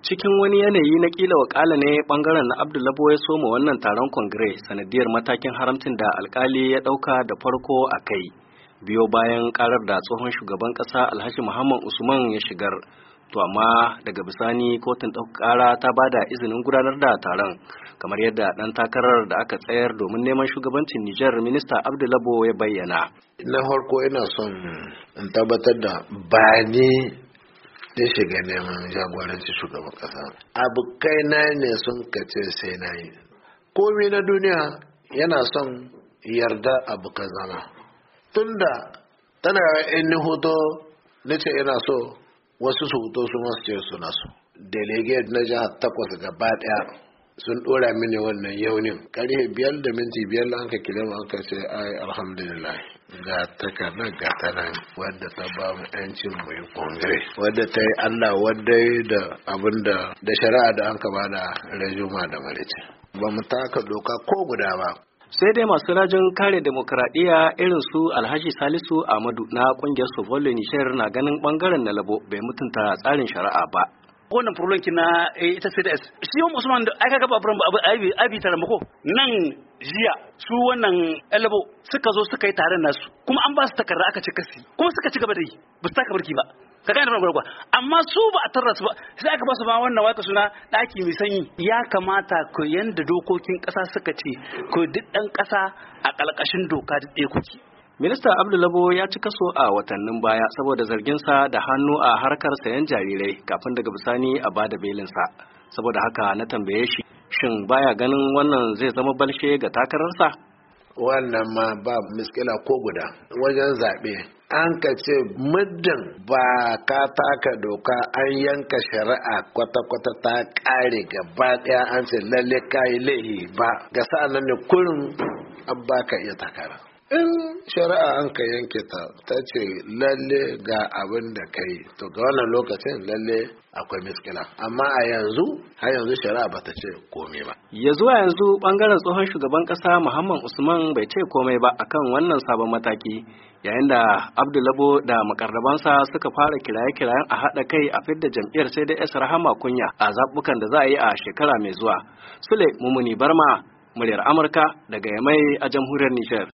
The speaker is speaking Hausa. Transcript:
cikin wani yanayi na kila wakala ne bangaren na abdullabo ya soma wannan taron kongire sanadiyar matakin haramcin da alkali ya dauka da farko a kai biyo bayan karar da tsohon shugaban kasa alhaji muhammad usman ya shigar to amma daga bisani kotun ɗaukar kara ta ba da izinin gudanar da taron kamar yadda ɗan takarar da aka tsayar domin neman shugabancin nijar minista abdullabo ya bayyana na farko ina son in tabbatar da bayani sun shiga neman jagoranci shugaban kasa kai na ne sun kace sai na yi komi na duniya yana son yarda abu kazana tunda tana in hoto na ce yana so wasu su hoto su masu ce suna so delegate na jihar takwas gaba daya sun dora mini wannan yaunin karfe biyar da minti biyar da anka kira mu anka ce ai alhamdulillah ga takarda ga tanan wadda ta ba mu yancin mu kongre wadda ta yi Allah wadda da abin da da shari'a da anka bada rajuma da malice ba mu taka doka ko guda ba sai dai masu rajin kare demokradiyya irin su alhaji salisu amadu na kungiyar sovolin nishiyar na ganin bangaren na labo bai mutunta tsarin shari'a ba wannan problem na eh, ita CDS shi Imam Usman da aka gaba abin abi tare taramako nan jiya su wannan elbo suka zo suka yi taron nasu kuma an ba su takarda aka ci kasi kuma suka ci gaba da yi ba su taka barki ba ka gane ran gurgwa amma su ba a tarra su ba sai aka ba su ba wannan wata suna daki mai sanyi ya kamata ku yanda dokokin kasa suka ce ku duk dan kasa a kalkashin doka da ɗaya kuki Minista Abdullabo ya ci kaso a watannin baya saboda zarginsa da hannu a harkar sayan jarirai kafin daga bisani a bada belin sa, Saboda haka na tambaye shi shin baya ganin wannan zai zama balshe ga takararsa? Wannan ma ba miskila ko guda wajen zaɓe. An ka ce muddin ba ka taka doka an yanka shari'a kwata-kwata ta ƙare gaba ɗaya an ce lalle ka yi laihi ba ga sa'an nan ne kurin an baka iya takara. in shari'a an ka yanke ta ta ce lalle ga abin da ka yi to ga wannan lokacin lalle akwai miskila amma a yanzu har yanzu shari'a ba ta ce komai ba ya zuwa yanzu bangaren tsohon shugaban kasa muhammad usman bai ce komai ba akan wannan sabon mataki yayin da abdulabo da makarrabansa suka fara kiraye-kirayen a haɗa kai a fidda jam'iyyar sai da yasa rahama kunya a zaɓukan da za a yi a shekara mai zuwa sule mumuni barma muryar amurka daga yamai a jamhuriyar nijar